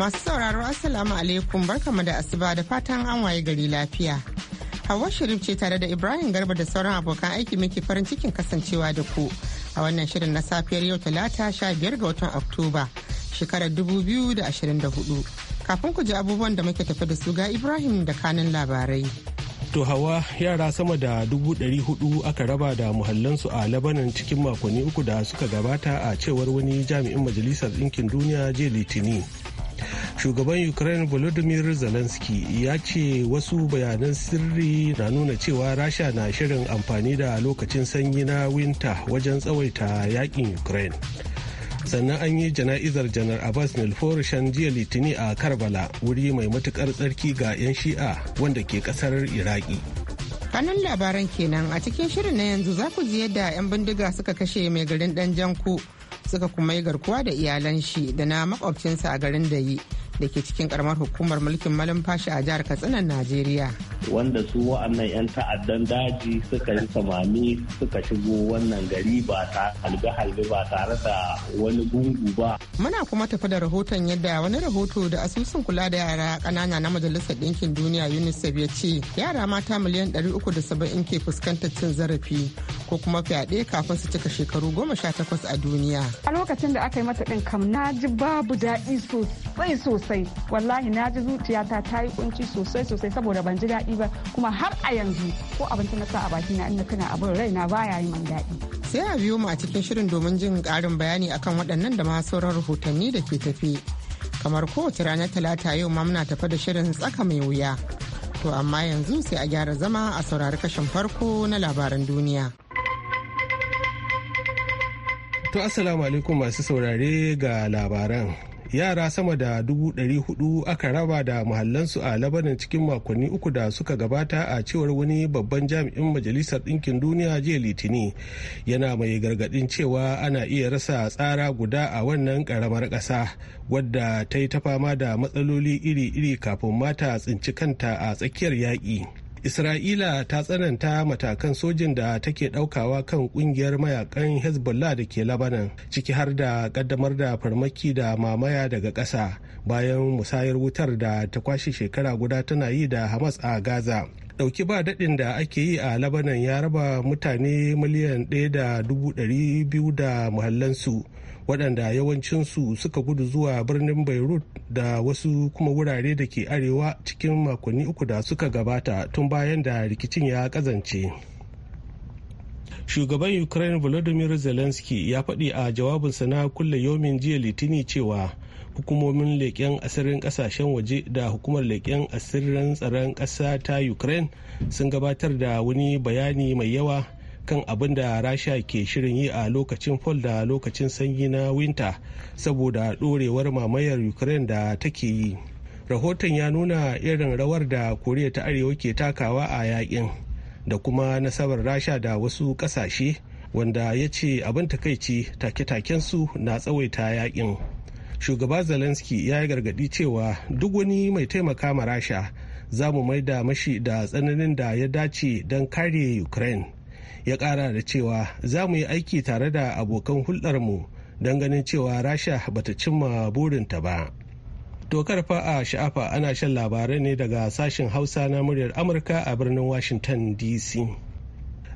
Masu sauraro Assalamu alaikum barkamu da asuba da fatan an waye gari lafiya. Hawa Sharif ce tare da Ibrahim Garba da sauran abokan aiki muke farin cikin kasancewa da ku a wannan shirin na safiyar yau talata sha biyar ga watan Oktoba shekarar dubu biyu da ashirin da hudu. Kafin ku ji abubuwan da muke tafi da su ga Ibrahim da kanin labarai. To hawa yara sama da dubu ɗari hudu aka raba da muhallansu a Labanan cikin makonni uku da suka gabata a cewar wani jami'in Majalisar Ɗinkin Duniya jiya Litinin. shugaban ukraine volodymyr zelensky ya ce wasu bayanan sirri na nuna cewa rasha na shirin amfani da lokacin sanyi na winter wajen tsawaita yakin ukraine sannan an yi jana'izar janar abbas nilforoshan jiya litini a karbala wuri mai matukar tsarki ga 'yan shi'a wanda ke kasar iraki hannun labaran kenan a cikin shirin na yanzu za ku ji yadda 'yan bindiga suka kashe mai garin dan janku suka kuma yi garkuwa da iyalan shi da na makwabcinsa a garin da yi da ke cikin karamar hukumar mulkin malumfashi a jihar Katsina najeriya wanda su wa'annan 'yan ta'addan daji suka yi samami suka shigo wannan gari ba ta halbe-halbe ba tare da wani gungu ba muna kuma tafi da rahoton yadda wani rahoto da asusun kula da yara kanana na majalisar ɗinkin duniya unicef ya ce yara mata miliyan saba'in ke fuskantar cin zarafi ko kuma fyaɗe kafin su cika shekaru goma sha takwas a duniya a lokacin da aka yi mata ɗin kam na ji babu daɗi sosai sosai sosai wallahi na ji zuciyata ta yi kunci sosai sosai saboda ban ji daɗi ba kuma har a yanzu ko abinci na sa a baki na inda kana abin na baya yi man daɗi. sai a biyo mu a cikin shirin domin jin ƙarin bayani akan waɗannan da ma sauran rahotanni da ke tafi kamar kowace ranar talata yau ma muna tafa da shirin tsaka mai wuya to amma yanzu sai a gyara zama a saurari kashin farko na labaran duniya. To Assalamu alaikum masu saurare ga labaran. yara sama da dubu ɗari hudu aka raba da muhallansu a labarin cikin makonni uku da suka gabata a cewar wani babban jami'in majalisar ɗinkin duniya jiya litini yana mai gargaɗin cewa ana iya rasa tsara guda a wannan ƙaramar ƙasa wadda ta yi ta fama da matsaloli iri-iri kafin mata tsinci kanta a tsakiyar yaƙi. isra'ila ta tsananta matakan sojin da take daukawa kan kungiyar mayakan hezbollah da ke labanan ciki har da kaddamar da farmaki da mamaya daga ƙasa bayan musayar wutar da ta kwashe shekara guda tana yi da hamas a gaza dauki ba daɗin da ake yi a labanan ya raba mutane miliyan ɗaya da dubu ɗari biyu da muhallansu waɗanda yawancinsu suka gudu zuwa birnin beirut da wasu kuma wurare da ke arewa cikin makonni uku da suka gabata tun bayan da rikicin ya kazance shugaban ukraine volodymyr zelensky ya faɗi a jawabinsa na kulle yomin jiya litini cewa hukumomin leƙen asirin ƙasashen waje da hukumar leƙen asirin tsaron ƙasa ta ukraine sun gabatar da wani bayani mai yawa kan abin da rasha ke shirin yi a lokacin fall da lokacin sanyi na winter saboda dorewar mamayar ukraine da take yi rahoton ya nuna irin rawar da koriya ta arewa ke takawa a yakin da kuma nasabar rasha da wasu kasashe wanda ya ce abin takaici take-takensu na tsawaita yakin shugaba zelensky ya yi gargadi cewa duk wani mai taimaka ma rasha za mu mai da mashi da tsananin da ya dace don kare ukraine ya kara da cewa za mu yi aiki tare da abokan hulɗarmu don ganin cewa rasha ba ta cimma burinta ba dokar fa a sha'afa ana shan labarai ne daga sashen hausa na muryar amurka a birnin washington dc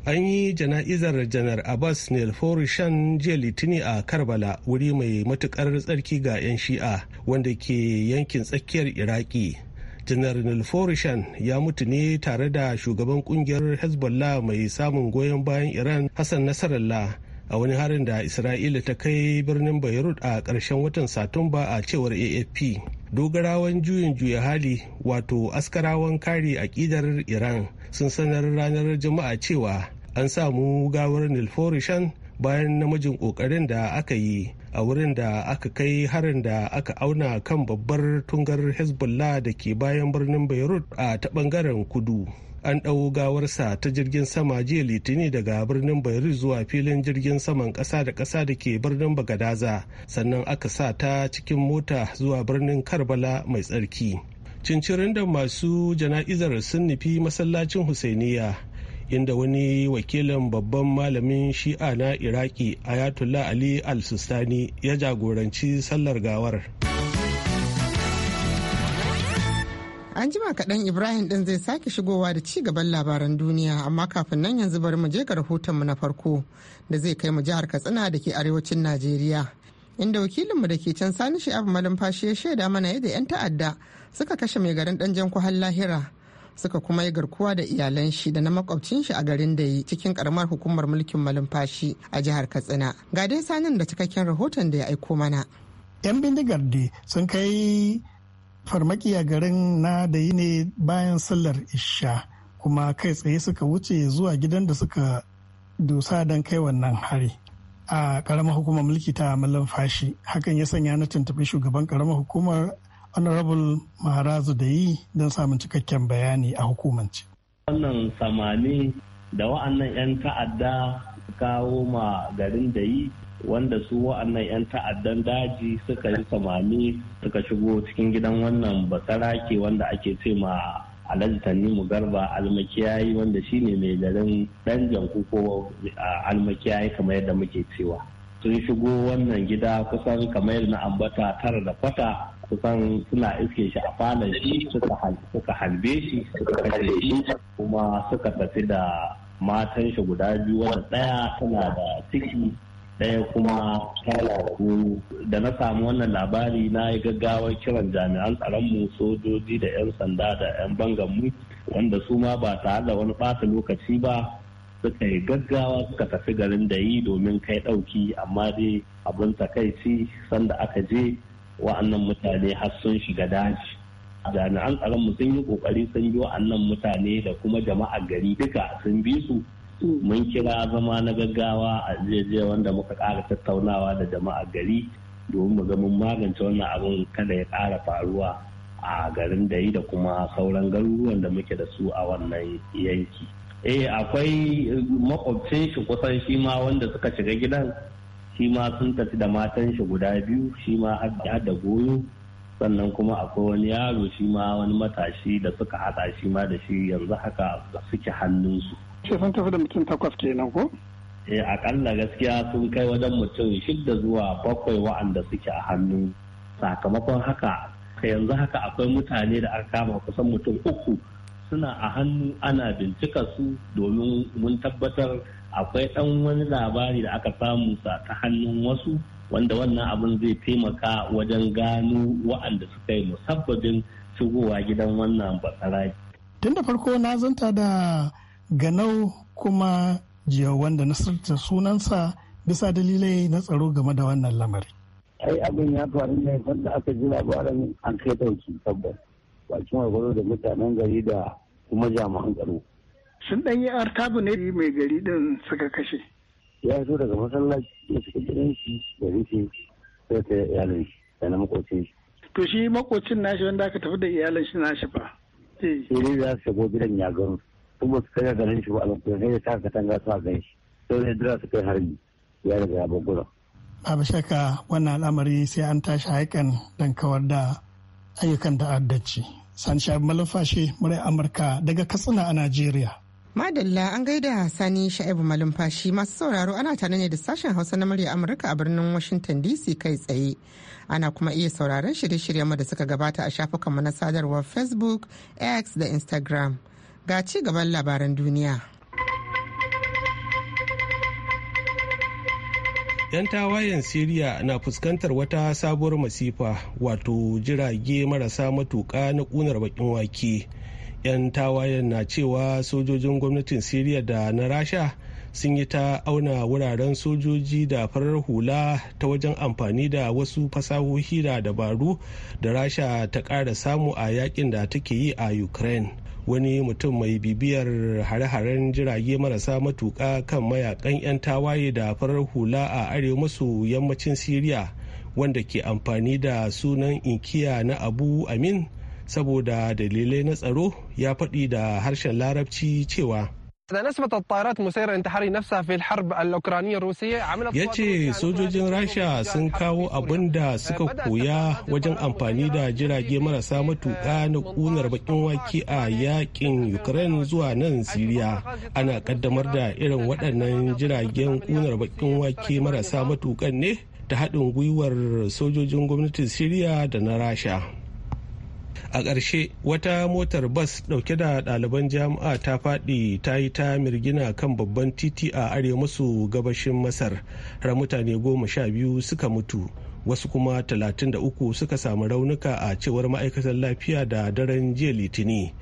an yi jana'izar janar abbas forishan jiya litini a karbala wuri mai matukar tsarki ga 'yan shi'a wanda ke yankin tsakiyar iraki janar nilforishan ya mutu ne tare da shugaban kungiyar hezbollah mai samun goyon bayan iran hassan nasarallah a wani harin da isra'ila ta kai birnin beirut a ƙarshen watan satumba a cewar afp dogarawan juyin juya hali wato askarawan kare aƙidar iran sun sanar ranar juma'a cewa an samu gawar nilforishan bayan namijin ƙoƙarin da aka yi a wurin da aka kai harin da aka auna kan babbar tungar hezbollah da ke bayan birnin beirut a ta bangaren kudu an ɗau gawarsa ta jirgin sama jiya litini daga birnin beirut zuwa filin jirgin saman ƙasa da ƙasa da ke birnin bagadaza sannan aka sa ta cikin mota zuwa birnin karbala mai tsarki cincirin da masu jana'izar sun nufi masallacin husainiya inda wani wakilin babban malamin shi'a na iraki ayatollah ali al-sistani ya jagoranci sallar gawar an jima kaɗan ibrahim ɗin zai sake shigowa da ci gaban labaran duniya amma kafin nan yanzu bari mu je ga rahotonmu na farko da zai kai mu jihar katsina da ke arewacin najeriya inda wakilinmu da ke can sani shi'ab malumfashi ya shaida mana yadda 'yan ta'adda suka kashe mai garin ɗan jan lahira suka kuma yi garkuwa da iyalan shi da na makwabcin shi a garin da yi cikin karamar hukumar mulkin malumfashi a jihar katsina ga dai sanin da cikakken rahoton da ya aiko mana yan bindigar da sun kai farmaki a garin na da yi ne bayan sallar isha kuma kai tsaye suka wuce zuwa gidan da suka dusa don kai wannan hari a karamar hukumar mulki ta malumfashi hakan ya sanya na tuntuɓi shugaban karamar hukumar honorable maharazu da yi don samun cikakken bayani a hukumance wannan samani da wa'annan 'yan ta'adda kawo ma garin da yi wanda su wa'annan 'yan ta'addan daji suka yi samani suka shigo cikin gidan wannan basarake wanda ake ce ma alhaji tannimu garba almakiyayi wanda shi ne mai garin dan janku ko almakiyayi kamar yadda muke cewa sun shigo wannan gida kusan kamar na ambata tara da kwata kusan suna iske shi a falon shi suka halbe shi suka kashe shi kuma suka tafi da matan shi guda biyu wanda ɗaya tana da ciki ɗaya kuma tana da na samu wannan labari na yi gaggawar kiran jami'an tsaron mu sojoji da 'yan sanda da 'yan bangan mu. wanda su ma ba tare da wani ɓata lokaci ba suka yi gaggawa suka tafi garin da yi domin kai ɗauki amma dai abin takaici sanda aka je wa'annan mutane har sun shiga daji jami'an tsaron mu sun yi kokari sun yi wa'annan mutane da kuma jama'a gari duka sun bi su mun kira zama na gaggawa a jeje wanda muka ƙara tattaunawa da jama'a gari domin mu ga mun magance wannan abin kada ya ƙara faruwa a garin da yi da kuma sauran garuruwan da muke da su a wannan yanki eh akwai makwabcin shi kusan shi ma wanda suka shiga gidan shi ma sun tafi da matan shi guda biyu shi ma har da goyo sannan kuma akwai wani yaro shi ma wani matashi da suka haɗa shi ma da shi yanzu haka suke hannunsu. Shi sun tafi da mutum takwas kenan ko? eh akalla gaskiya sun kai wajen mutum shidda zuwa bakwai wa'anda suke a hannu sakamakon haka yanzu haka akwai mutane da aka kama kusan mutum uku suna a hannu ana bincika su domin mun tabbatar akwai ɗan wani labari da aka samu ta hannun wasu wanda wannan abin zai taimaka wajen gano wa'anda suka yi musabbabin shigowa gidan wannan batsara. Tun da farko na zanta da ganau kuma jiya wanda na sirta sunansa bisa dalilai na tsaro game da wannan lamari. Ai abin ya faru ne wanda aka ji labarin an kai dauki tabbas bakin da mutanen gari da kuma jami'an tsaro. sun ɗan yi artabu ne mai gari din suka kashe. ya zo daga masallaci da suka gidan shi da rufe sai ta iyalin shi da na makocin shi. to shi makocin nashi wanda aka tafi da iyalin shi nashi ba. Eh. sai ne za su shigo gidan ya gano su ba su kai ganin shi ba a lokacin sai ta katanga su a gan shi sai ne dira su kai harbi ya riga ya bugura babu Shaka, wannan al'amari sai an tashi haikan dankawar kawar da ayyukan ta'addanci. Sanshi Malafashi, murai Amurka daga Katsina a Najeriya. Madalla an gaida Sani Sha'ibu Malumfashi masu sauraro ana tare ne da sashen Hausa na murya Amurka a birnin Washington DC kai tsaye. Ana kuma iya sauraron shirye-shiryen da suka gabata a shafukanmu na sadarwar Facebook, X da Instagram. Ga ci gaban labaran duniya. 'Yan tawayen Siriya na fuskantar wata sabuwar masifa wato jirage marasa matuka na ƙunar bakin wake. 'yan tawayen na cewa sojojin gwamnatin siriya da na rasha sun yi ta auna wuraren sojoji da farar hula ta wajen amfani da wasu fasahohi da dabaru da rasha ta ƙara samu a yakin da take yi a ukraine wani mutum mai bibiyar hare-haren jirage marasa matuka kan mayakan 'yan tawaye da farar hula a arewa maso yammacin siriya wanda ke amfani da sunan inkiya na abu amin saboda dalilai na tsaro ya faɗi da harshen larabci cewa ya ce sojojin rasha sun kawo abin da suka koya wajen amfani da jirage marasa matuka na kunar bakin wake a yakin ukraine zuwa nan siriya ana kaddamar da irin waɗannan jiragen kunar bakin wake marasa matukan ne ta haɗin gwiwar sojojin gwamnatin siriya da na rasha a ƙarshe wata motar bas ɗauke da ɗaliban jami'a ta faɗi ta yi ta mirgina kan babban titi a arewa maso gabashin masar har mutane goma sha biyu suka mutu wasu kuma 33 suka samu raunuka a cewar ma'aikatar lafiya da daren jiya litini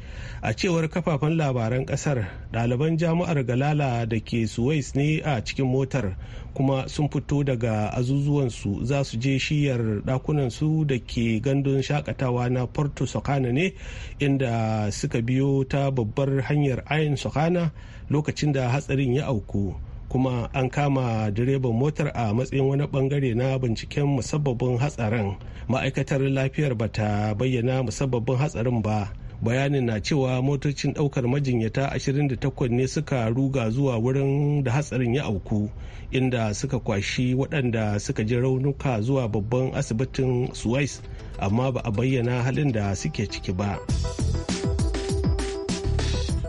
a cewar kafafen labaran kasar ɗaliban jami'ar galala da ke suwais ne a cikin motar kuma sun fito daga azuzuwansu za su je shiyar ɗakunansu da ke gandun shakatawa na porto sokana ne inda suka biyo ta babbar hanyar ayin sokana lokacin da hatsarin ya auku kuma an kama direban motar a matsayin wani bangare na binciken musabbabin hatsarin ma'aikatar lafiyar ba ta bayyana musabbabin hatsarin ba bayanin na cewa motocin daukar majinyata 28 ne suka ruga zuwa wurin da hatsarin ya auku inda suka kwashi waɗanda suka ji raunuka zuwa babban asibitin suwais amma ba a bayyana halin da suke ciki ba.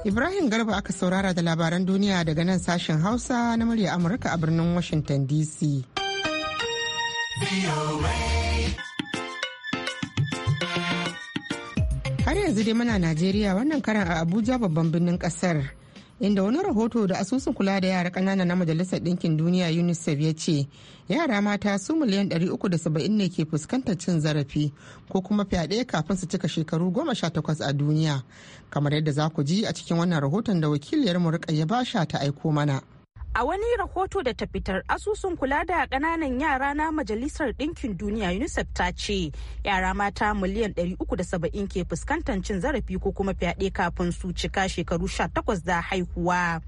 Ibrahim Garba aka saurara da labaran duniya daga nan sashen Hausa na murya Amurka a birnin Washington DC. Har yanzu dai muna Najeriya wannan karan a Abuja babban birnin kasar. inda wani rahoto da asusun kula da yara kanana na majalisar ɗinkin duniya unicef ya ce yara mata su miliyan 370 ne ke fuskantar cin zarafi ko kuma fyaɗe kafin su cika shekaru 18 a duniya kamar yadda za ku ji a cikin wannan rahoton da wakiliyar mu ya ba sha ta aiko mana A wani rahoto da ta fitar asusun kula da ƙananan yara na Majalisar Ɗinkin Duniya UNICEF ta ce yara mata miliyan 370 ke fuskantar cin zarafi ko kuma fyaɗe kafin su cika shekaru 18 da haihuwa.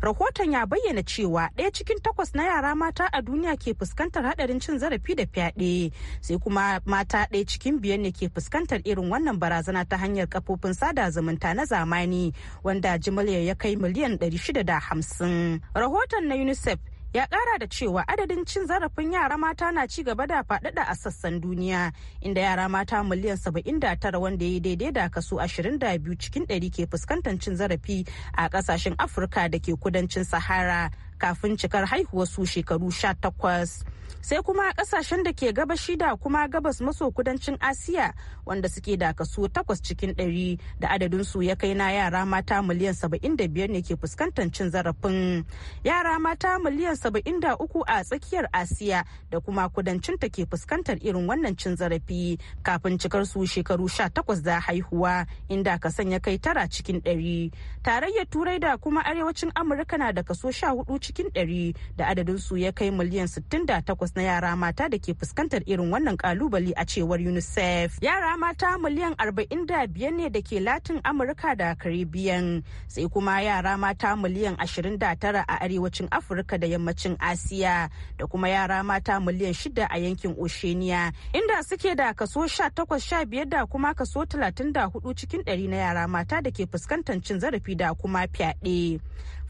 rahoton ya bayyana cewa ɗaya cikin takwas na yara mata a duniya ke fuskantar haɗarin cin zarafi da fyaɗe sai kuma mata ɗaya cikin biyar ne ke fuskantar irin wannan barazana ta hanyar kafofin sada zumunta na zamani wanda jimillar ya kai miliyan 650 rahoton na unicef ya kara da cewa adadin cin zarafin yara mata na ci gaba da faɗaɗa a sassan duniya inda yara mata miliyan 79 wanda ya yi daidai da kaso 22 cikin 100 ke fuskantar cin zarafi a ƙasashen afirka da ke kudancin sahara kafin cikar haihuwar su shekaru sha takwas. sai kuma kasashen da ke gabashi da kuma gabas maso kudancin asiya wanda suke da kaso takwas cikin ɗari da adadin su ya kai na yara mata miliyan saba'in da biyar ne ke fuskantar cin zarafin yara mata miliyan saba'in da uku a tsakiyar asiya da kuma kudancin ta ke fuskantar irin wannan cin zarafi kafin cikar su shekaru sha takwas da haihuwa inda kasan ya kai tara cikin ɗari tarayyar turai da kuma arewacin amurka na da kaso sha hudu cikin ɗari da adadin su ya kai miliyan 68 na yara mata da ke fuskantar irin wannan kalubale a cewar UNICEF. Yara mata miliyan 45 ne da ke Latin Amurka da Caribbean sai kuma yara mata miliyan 29 a arewacin Afirka da yammacin Asiya da kuma yara mata miliyan 6 a yankin Oceania inda suke da kaso 18-15 da kuma kaso 34 cikin ɗari na yara mata da ke fuskantar cin zarafi da kuma fyaɗe.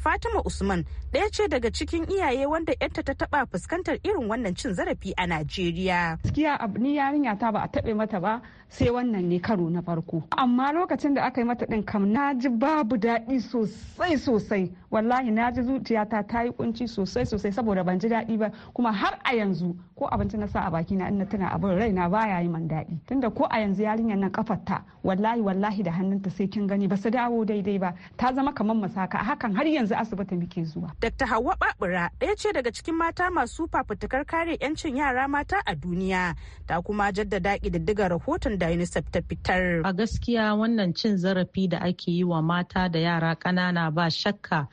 Fatima Usman ɗaya ce daga cikin iyaye wanda yarta ta taɓa fuskantar irin wannan cin zarafi a Najeriya. Gaskiya abu ni yarinya ta ba a taɓe mata ba sai wannan ne karo na farko. Amma lokacin da aka yi mata ɗin kam na ji babu daɗi sosai sosai. Wallahi na ji zuciyata ta yi kunci sosai sosai saboda ban ji daɗi ba kuma har a yanzu ko abinci na sa a baki na ina tana abin na baya yi man daɗi. Tunda ko a yanzu yarinyar nan kafarta wallahi wallahi da hannunta sai kin gani ba su dawo daidai ba ta zama kamar masaka hakan har yanzu yanzu asibitin muke zuwa. Dr. Hauwa Babura ɗaya ce daga cikin mata masu fafutukar kare 'yancin yara mata a duniya ta kuma jaddada ƙididdiga rahoton da UNICEF ta fitar. A gaskiya wannan cin zarafi da ake yi wa mata da yara ƙanana ba shakka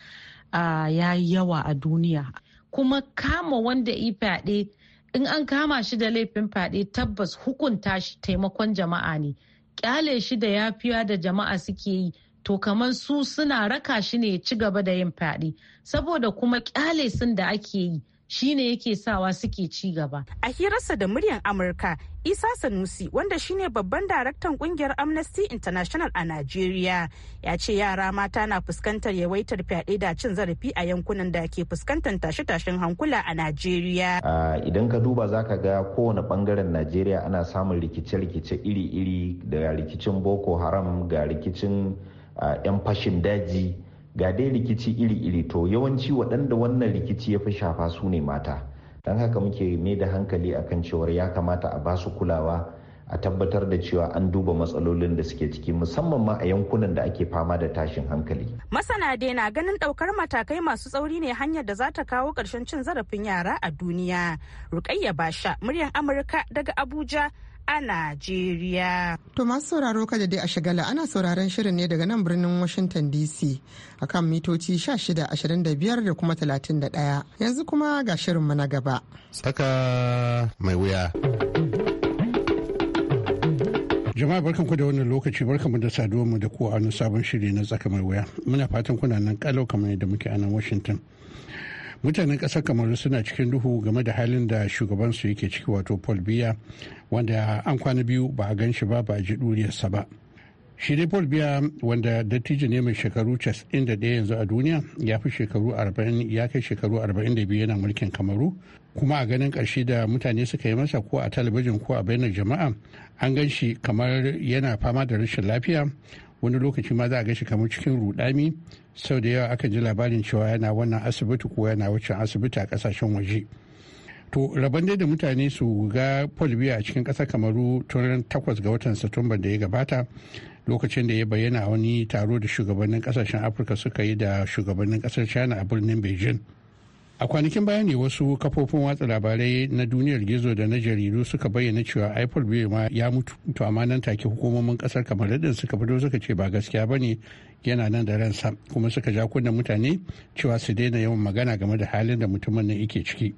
ya yi yawa a duniya. Kuma kama wanda fyaɗe in an kama shi da laifin fyaɗe tabbas hukunta shi taimakon jama'a ne. Ƙyale shi da yafiya da jama'a suke yi to kamar su suna raka shi ne ci gaba da yin fyaɗe saboda kuma ƙyale sun da ake yi shine yake sawa suke ci gaba. A hirarsa da muryar Amurka, Isa Sanusi wanda shine babban daraktan kungiyar Amnesty International a Najeriya ya ce yara mata na fuskantar yawaitar fyaɗe da cin zarafi a yankunan da ke fuskantar tashe-tashen hankula a Najeriya. Idan ka duba za ka ga kowane bangaren Najeriya ana samun rikice-rikice iri-iri da rikicin Boko Haram ga rikicin 'yan fashin daji ga dai rikici iri-iri to yawanci waɗanda wannan rikici ya fi shafa su ne mata don haka muke mai da hankali akan cewar ya kamata a basu kulawa a tabbatar da cewa an duba matsalolin da suke ciki musamman ma a yankunan da ake fama da tashin hankali. Masana dai na ganin ɗaukar matakai masu tsauri ne hanyar da za ta kawo ƙarshen cin zarafin yara a duniya. Rukayya Basha, muryar Amurka daga Abuja, a Najeriya. To masu sauraro kada dai a shagala ana sauraron shirin ne daga nan birnin Washington DC a kan mitoci 1625 da kuma 31. Yanzu kuma ga shirinmu na gaba. Saka mai wuya. jama'a barkanku da wannan lokaci barkanmu da saduwa mu da kowa wani sabon shiri na tsaka mai wuya muna fatan kuna nan kalau kamar yadda muke a nan washington mutanen kasar kamaru suna cikin duhu game da halin da shugabansu yake ciki wato paul biya wanda an kwana biyu ba a gan shi ba ba a ji duriyarsa ba shi dai paul biya wanda dattijo ne mai shekaru 91 yanzu a duniya ya fi shekaru 40 ya kai shekaru 42 yana mulkin kamaru kuma a ganin karshe da mutane suka yi masa ko a talabijin ko a bainar jama'a an gan shi kamar yana fama da rashin lafiya wani lokaci ma za a gashi kamar cikin rudami sau da yawa aka ji labarin cewa yana wannan asibiti ko yana wancan asibiti a kasashen waje to rabon dai da mutane su ga polio a cikin kasar kamaru tun takwas ga watan satumba da ya gabata lokacin da ya bayyana wani taro da shugabannin kasashen afirka suka yi da shugabannin kasar china a birnin beijing a kwanakin baya ne wasu kafofin watsa labarai na duniyar gizo da na jaridu suka bayyana cewa ipod bai ma ya mutu to amma nan take hukumomin kasar kamar din suka fito suka ce ba gaskiya ba ne yana nan da ransa kuma suka ja kunnen mutane cewa su daina yawan magana game da halin da mutumin nan yake ciki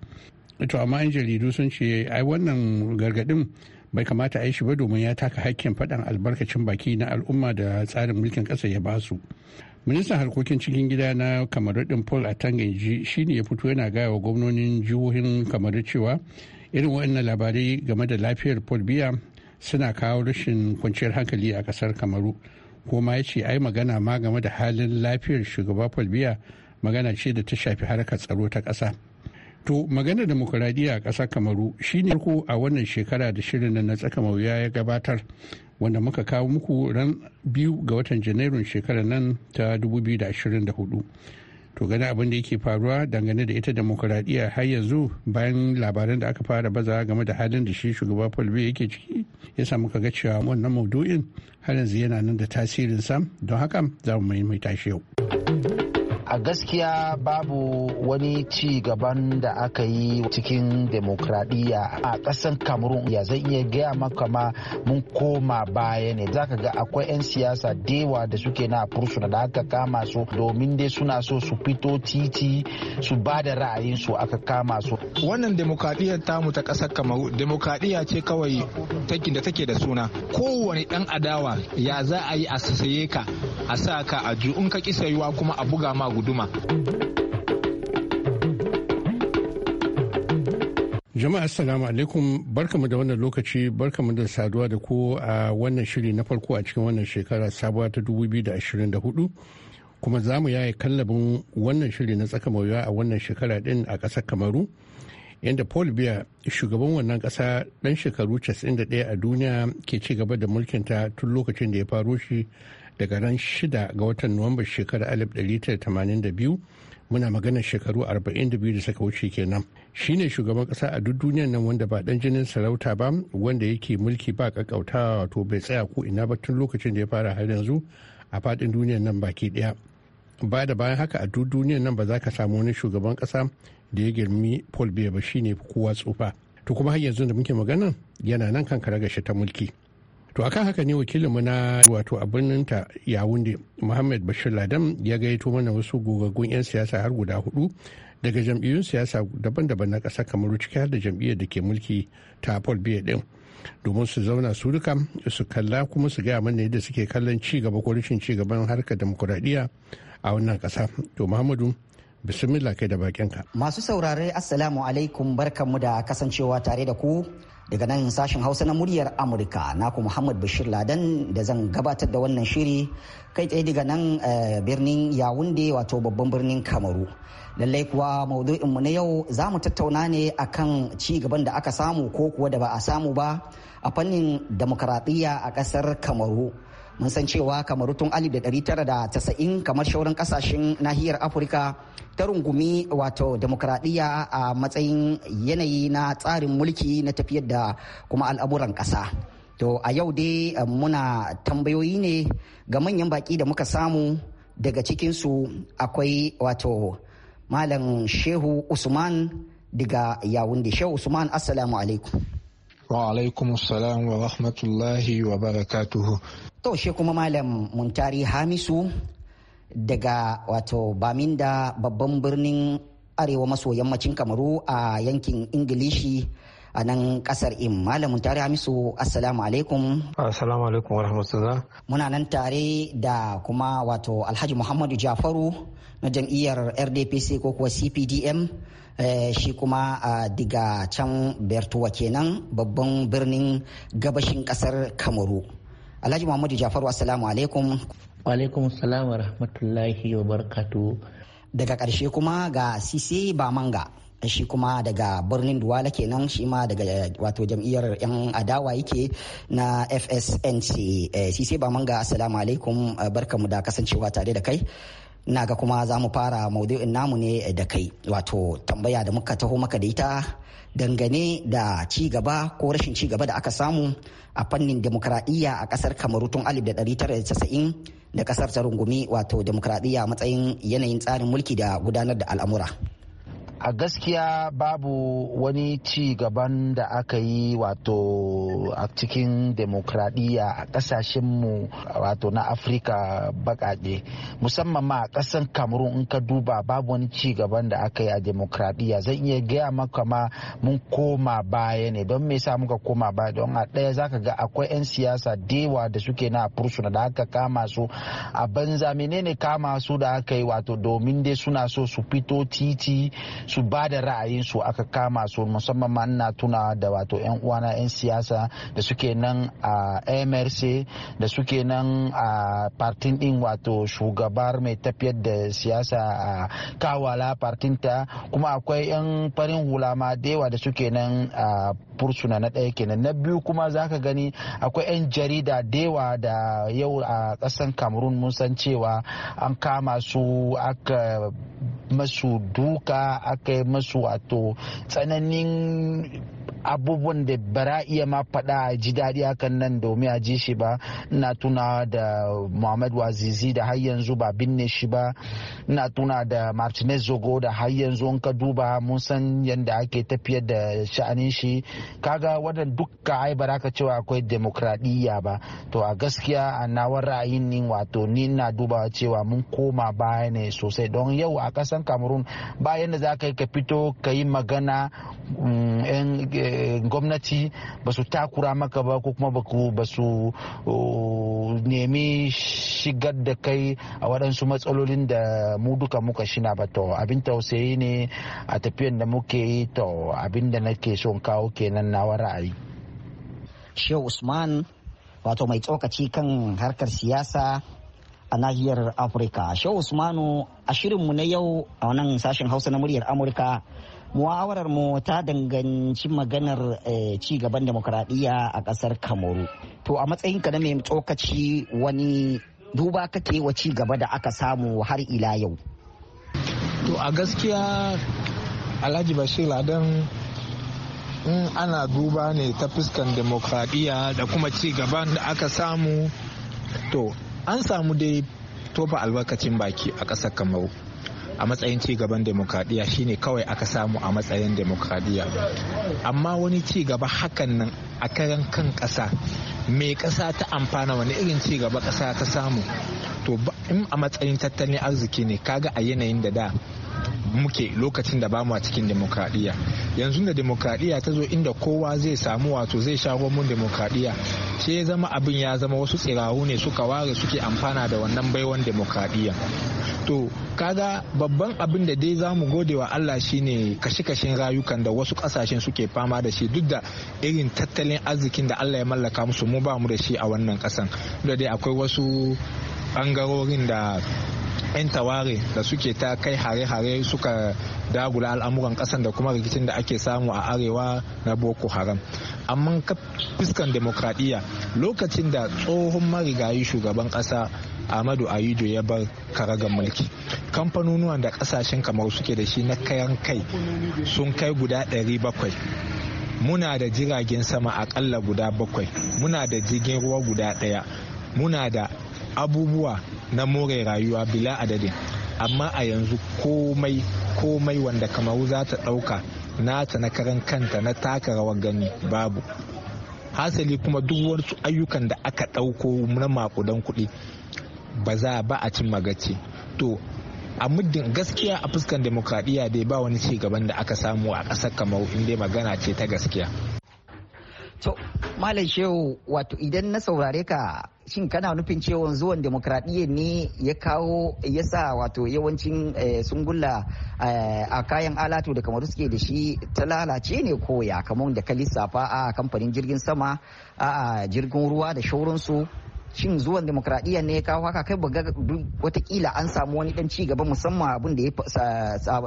to amma yan jaridu sun ce ai wannan gargadin bai kamata a yi shi ba domin ya taka hakkin faɗan albarkacin baki na al'umma da tsarin mulkin kasa ya basu ministan harkokin cikin gida na kamaru din paul atanganji shine ya fito yana gaya wa gwamnonin jihohin kamaru cewa irin waɗannan labarai game da lafiyar paul biya suna kawo rashin kwanciyar hankali a ƙasar kamaru kuma ya ce ai magana ma game da halin lafiyar shugaba paul biya magana ce da ta shafi harkar tsaro ta ƙasa to maganar demokuraɗiyya a ƙasar kamaru shine ko a wannan shekara da shirin na tsaka mawuya ya gabatar wanda muka kawo muku ran biyu ga watan janairun shekarar nan ta 2024 to gani abin da yake faruwa dangane da ita demokuraɗiyya har yanzu bayan labaran da aka fara baza game da halin da shi shugaba paul biya yake ciki ya samu ga cewa wannan maudu'in har yanzu yana nan da tasirin sam don haka za mu maimaita shi yau. a gaskiya babu wani ci gaban da aka yi cikin demokradiyya a kasan cameroon ya zan iya gaya maka ma mun koma baya ne Za ka ga akwai 'yan siyasa dewa da suke na fursuna da aka kama su domin dai suna so su fito titi su ba da ra'ayinsu aka kama su wannan demokradiyyar tamu ta ƙasar kamaru demokradiyya ce kawai da take da suna kowane ɗan adawa ya za a yi a saye ka a sa ka a in ka kisa yiwa kuma a buga ma guda guduma jama'a assalamu alaikum barkamu da wannan lokaci barkamu da saduwa da ku a wannan shiri na farko a cikin wannan shekara sabuwa ta 2024 kuma za mu yaye kallabin wannan shiri na tsaka mawuya a wannan shekara din a kasar kamaru yadda paul biya shugaban wannan ƙasa ɗan shekaru 91 a duniya ke ci gaba da mulkinta tun lokacin da ya faro shi daga ran shida ga watan nuwamba shekarar 1982 muna magana shekaru 42 da suka wuce kenan shine shugaban kasa a duk duniyar nan wanda ba dan jinin sarauta ba wanda yake mulki ba kakkautawa wato bai tsaya ko ina ba tun lokacin da ya fara har yanzu a fadin duniyar nan baki daya ba da bayan haka a duk duniyar nan ba za ka samu wani shugaban kasa da ya girmi paul biya ba shine kowa tsufa to kuma har yanzu da muke magana yana nan kan ga shi ta mulki To a kan haka ne wakilinmu na wato a ya wunde Muhammad Bashir Ladam ya gaito mana wasu gogaggun 'yan siyasa har guda hudu daga jam'iyyun siyasa daban-daban na ƙasa kamar ciki har da jam'iyyar da ke mulki ta Paul Biya din. Domin su zauna su duka su kalla kuma su gaya mana yadda suke kallon ci gaba ko rashin ci gaban harkar demokuraɗiyya a wannan ƙasa. To Muhammadu bismillah kai da bakinka masu saurare assalamu alaikum barkanmu da kasancewa tare da ku daga nan sashen hausa na muryar amurka naku muhammad bashir ladan da zan gabatar da wannan shiri kai tsaye daga nan eh, birnin Yaounde wato babban birnin kamaru lallai kuwa maudu'in mu na yau za mu tattauna ne akan ci gaban da aka samu ko kuwa da ba a samu ba a fannin demokaradiyya a ƙasar kamaru mun san cewa kamaru tun 1990 kamar shauran kasashen nahiyar afirka ta rungumi wato demokradiyya a matsayin yanayi na tsarin mulki na tafiyar da kuma al'amuran ƙasa to a yau dai eh, muna tambayoyi ne ga manyan baki da muka samu daga cikinsu akwai wato malam shehu usman daga yawun da shehu usman assalamu alaikum wa alaikum salam wa rahmatullahi wa barakatuhu to she kuma malam muntari hamisu daga wato baminda babban birnin arewa maso yammacin kamaru a yankin ingilishi a nan kasar im malam Muntari hamisu assalamu alaikum assalamu alaikum wa warahmatullah muna nan tare da kuma wato alhaji muhammadu jafaru na jam'iyyar rdpc ko kuwa cpdm Eh, shi kuma diga can bertuwa kenan babban birnin gabashin kasar kamaru alhaji muhammadu jafaru assalamu alaikum alaikum salam wa rahmatullahi wa barkatu daga ƙarshe kuma ga sise ba manga shi kuma daga birnin duwala kenan shi ma daga wato jam'iyyar yan adawa yake na fsnc sise eh, ba manga assalamu alaikum barkamu da kasancewa tare da kai na ga kuma za mu fara maudu'in namu ne da kai wato tambaya da muka taho maka da ita dangane da ci gaba ko rashin ci gaba da aka samu a fannin demokradiyya a kasar kamaru tun 1990 da kasar ta rungumi wato demokradiyya matsayin yanayin tsarin mulki da gudanar da al'amura a gaskiya babu wani ci gaban da aka yi wato a cikin demokradiyya a kasashenmu wato na afirka bakaɗe musamman ma a kasan cameroon in ka duba babu wani ci gaban da aka yi a demokradiyya zan iya gaya maka ma mun koma baya ne don me yasa muka koma baya don a ɗaya zaka ga akwai 'yan siyasa dewa da suke na fursuna da aka kama su a banza menene kama su da aka yi wato domin dai suna so su fito titi su ba da ra'ayinsu aka kama su musamman ma ina tuna da wato 'yan uwana 'yan siyasa da suke nan a mrc da suke nan a partin din wato shugabar mai tafiyar da siyasa a kawala partin ta kuma akwai 'yan farin hula ma da yawa da suke nan a fursuna na ɗaya kenan na biyu kuma za ka gani akwai 'yan jarida da yawa da yau a ƙasar cameroon mun san cewa an kama su aka masu duka kai masu wato tsananin abubuwan da bara iya ma faɗa ji daɗi hakan nan domin a ji shi ba na tuna da muhammad wazizi da har yanzu ba binne shi ba na tuna da martinez zogo da har yanzu ka duba mun san yadda ake tafiyar da sha'anin shi kaga wadan dukka ai bara ka cewa akwai demokradiyya ba to a gaskiya a nawar ra'ayin ni wato ni na duba cewa mun koma baya ne sosai don yau a kasan cameroon bayan da za ka yi ka fito ka yi magana mm, 'yan Eh, gwamnati ba su takura maka ba ko kuma ba su nemi shigar da kai a waɗansu matsalolin da mu duka muka shina ba to abin tausayi ne a tafiyan da muke yi to abin da nake son kawo kenan na ra'ayi. Shehu Usman wato mai tsokaci kan harkar siyasa a nahiyar Afirka. Shehu Usmanu a shirinmu na yau a wannan sashen Hausa na muryar Amurka muhawarar mu ta danganci maganar eh, ci gaban demokuraɗiyya a ƙasar kamaru to a matsayin ka na mai tsokaci wani duba kake wa ci gaba da aka samu har ila yau to a gaskiya alhaji bashir ladan in ana duba ne ta fuskan demokradiyya da kuma ci gaban da aka samu to an samu dai tofa albarkacin baki a ƙasar kamaru a matsayin ci gaban demokradiyya shine kawai aka samu a matsayin demokradiyya amma wani ci gaba hakan nan a karan kan kasa mai ƙasa ta amfana wani irin ci gaba ƙasa ta samu to in a matsayin tattalin arziki ne kaga a yanayin da da muke lokacin da ba a cikin demokradiyya yanzu da demokradiyya ta zo inda kowa zai samu wato zai sha mun demokradiyya sai ya zama abin ya zama wasu tsirawu ne suka ware suke amfana da wannan baiwan demokradiyya to kaga babban abin da dai zamu gode wa Allah shine kashe-kashen rayukan da wasu kasashen suke fama da shi duk da irin tattalin arzikin da Allah ya mallaka musu mu ba mu da shi a wannan kasan da dai akwai wasu bangarorin da 'yan taware da suke ta kai hare-hare suka dagula al'amuran kasan da kuma rikicin da ake samu a arewa na boko haram amma fuskan demokradiyya lokacin da tsohon marigayi shugaban kasa amadu Ayido ya bar karagar mulki. Kamfanonuwan da kasashen kamar suke da shi na kayan kai sun kai guda 700. Muna da jiragen sama akalla guda bakwai, muna da jirgin ruwa guda daya muna da abubuwa na more rayuwa bila adadin amma a yanzu komai komai wanda kamaru za ta ɗauka nata na karan kanta na taka rawar gani babu hasali kuma duk wasu ayyukan da aka ɗauko na makudan kuɗi ba za ba a cin magace to a muddin gaskiya a fuskan demokradiyya dai ba wani ci gaban da aka samu a ƙasar kamau inda magana ce ta gaskiya To, Malam Shehu, wato idan na saurare ka shin kana nufin cewa zuwan demokradiyya ne ya kawo ya sa wato yawancin eh, gulla eh, a kayan alatu da kamaru suke da shi ta lalace ne ko ya kamar da ka lissafa a kamfanin jirgin sama a jirgin ruwa da shauransu shin zuwan demokradiyya ne ya kawo haka kai baga watakila an samu wani dan cigaba musamman abin da ya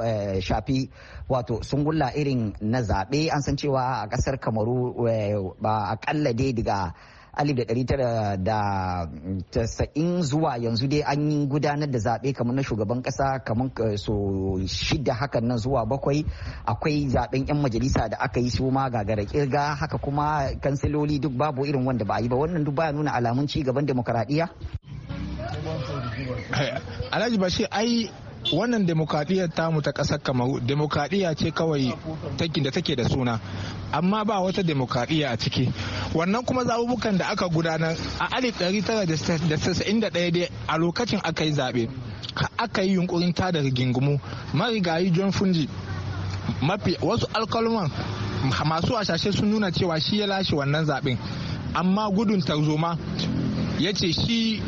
eh, shafi wato sungulla irin na zaɓe an san cewa a kasar kamaru eh, ba akalla dai daga 1990 zuwa yanzu dai an yi gudanar da zaɓe kamar na shugaban ƙasa kamar eh, so shida hakan nan zuwa bakwai akwai zaɓen 'yan majalisa da aka yi su ma gagara kirga haka kuma kansiloli duk babu irin wanda ba a yi ba wannan duk baya nuna alamun cigaban gaban demokaradiyya alhaji shi ai wannan ta tamu ta kasar kamaru demokradiyya ce kawai da take da suna amma ba wata demokradiyya a ciki wannan kuma zabubukan da aka gudanar a alif 1991 dai a lokacin aka yi zaɓe aka yi yunkurin tada rigingimu marigayi john funji mafi wasu alkalman masu washashe sun nuna cewa shi ya lashe wannan zaɓen amma gudun tarzoma ya ce shi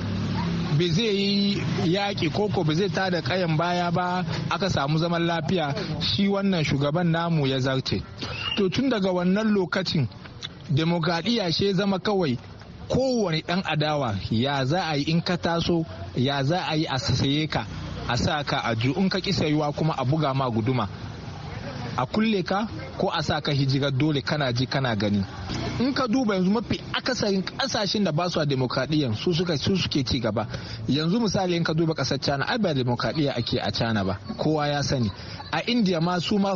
ba zai yi yaƙi koko ba zai tada kayan baya ba aka samu zaman lafiya shi wannan shugaban namu ya zarce to tun daga wannan lokacin demokradiyya shi zama kawai kowane ɗan adawa ya za a yi in ka taso ya za a yi a saye ka a sa ka a ju in ka ki sayuwa kuma a buga ma guduma a kulle ka ko a sa ka hijirar dole kana ji kana gani in ka duba yanzu mafi akasarin kasashen da ba su a demokradiyya su suka su suke ci gaba yanzu misali in ka duba kasar China ai ba demokradiyya ake a China ba kowa ya sani a India ma su ma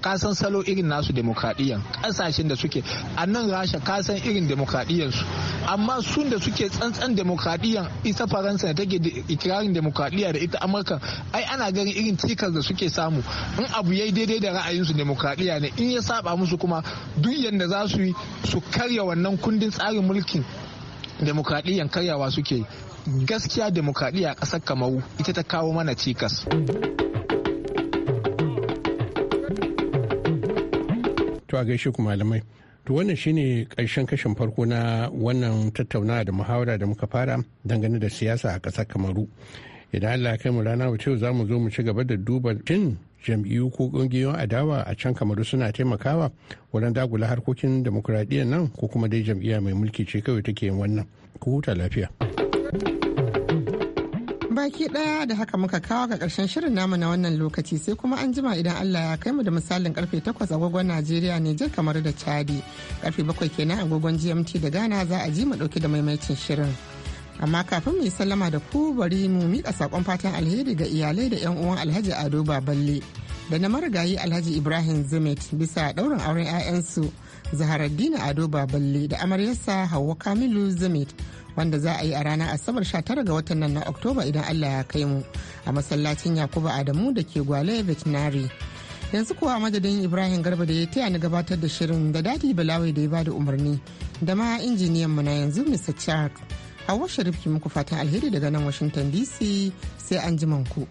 kasan salo irin nasu demokradiyan kasashen da suke a nan rasha kasan irin demokradiyyan su amma sun da suke tsantsan demokradiyan ita faransa da take ikirarin demokradiyya da ita amurka ai ana ganin irin cikas da suke samu in abu yayi daidai da ra'ayinsu demokradiyya ne in ya saba musu kuma duk yanda za su yi su karya wannan kundin tsarin mulkin demokradiyan karyawa suke gaskiya demokradiyya kasar kamaru ita ta kawo mana cikas. to a gaishe ku malamai to wannan shine karshen kashin farko na wannan tattaunawa da muhawara da muka fara dangane da siyasa a ƙasar kamaru idan allah kai mu rana wuce za mu zo mu ci gaba da duba cin jam'iyyu ko ƙungiyoyin adawa a can kamaru suna taimakawa wurin dagula harkokin demokuraɗiyyar nan ko kuma dai jam'iyya mai mulki ce kawai take yin wannan ku huta lafiya. baki daya da haka muka kawo ga karshen shirin namu na wannan lokaci sai kuma an jima idan Allah ya kai mu da misalin karfe 8 agogon Najeriya ne je kamar da Chadi karfe 7 kenan agogon GMT da Ghana za a ji mu ɗauki da maimaicin shirin amma kafin mu yi sallama da ku bari mu miƙa sakon fatan alheri ga iyalai da 'yan uwan Alhaji Ado Baballe da na marigayi Alhaji Ibrahim Zumet bisa daurin auren 'ya'yansu Zaharaddina Ado Baballe da amaryarsa Hauwa Kamilu Zumet. wanda za a yi a ranar asabar 19 ga watan nan na oktoba idan allah ya kai mu a masallacin yakubu adamu da ke gwale veterinary yanzu kuwa madadin ibrahim garba da ya taya ni gabatar da shirin da dadi balawai da ya bada umarni da ma injiniyan mu na yanzu mr chuck hawa washe muku fatan alheri daga nan washington dc sai an ku.